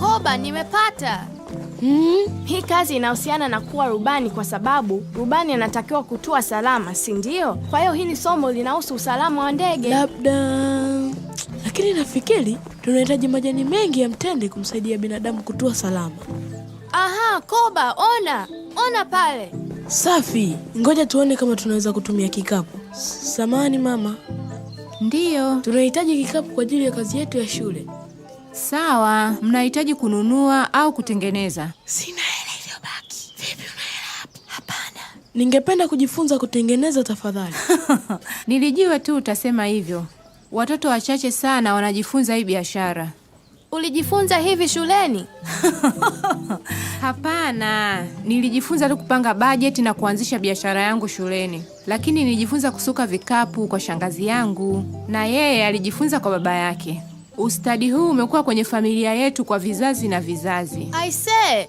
Mkoba nimepata. Hmm? Hii kazi inahusiana na kuwa rubani kwa sababu rubani anatakiwa kutua salama, si ndio? Kwa hiyo hili somo linahusu usalama wa ndege. Labda. Lakini nafikiri tunahitaji majani mengi ya mtende kumsaidia binadamu kutua salama. Aha, Koba, ona. Ona pale. Safi. Ngoja tuone kama tunaweza kutumia kikapu. Samani mama. Ndiyo. Tunahitaji kikapu kwa ajili ya kazi yetu ya shule. Sawa, mnahitaji kununua au kutengeneza? Sina hela iliyobaki. Vipi, una hela hapo? Hapana, ningependa kujifunza kutengeneza tafadhali. Nilijua tu utasema hivyo. Watoto wachache sana wanajifunza hii biashara. Ulijifunza hivi shuleni? Hapana, nilijifunza tu kupanga bajeti na kuanzisha biashara yangu shuleni, lakini nilijifunza kusuka vikapu kwa shangazi yangu, na yeye alijifunza kwa baba yake. Ustadi huu umekuwa kwenye familia yetu kwa vizazi na vizazi. Aisee,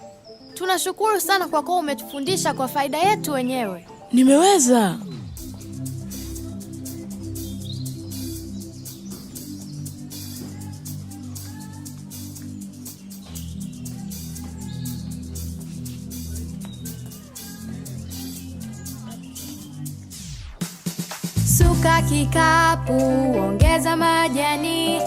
tunashukuru sana kwa kuwa umetufundisha kwa faida yetu wenyewe. Nimeweza. Suka kikapu, ongeza majani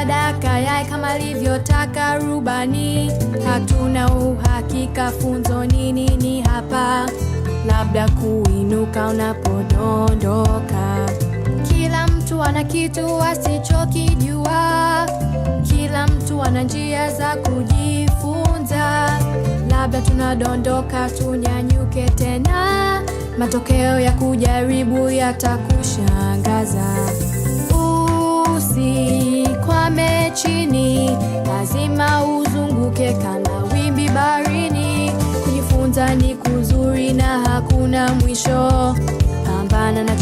sadaka yae kama alivyotaka rubani. Hatuna uhakika funzo ni nini hapa, labda kuinuka unapodondoka. Kila mtu ana kitu asichokijua, kila mtu ana njia za kujifunza. Labda tunadondoka tunyanyuke tena, matokeo ya kujaribu yatakushangaza.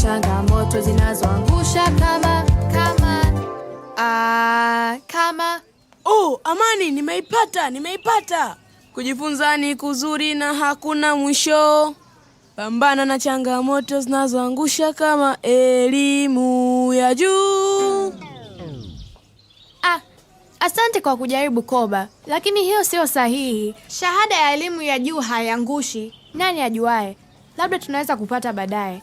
changamoto zinazoangusha kama kama uh, kama oh, amani nimeipata, nimeipata. Kujifunza ni kuzuri na hakuna mwisho. Pambana na changamoto zinazoangusha kama elimu ya juu. Ah, asante kwa kujaribu Koba, lakini hiyo sio sahihi. Shahada ya elimu ya juu haiangushi. Nani ajuae Labda tunaweza kupata baadaye.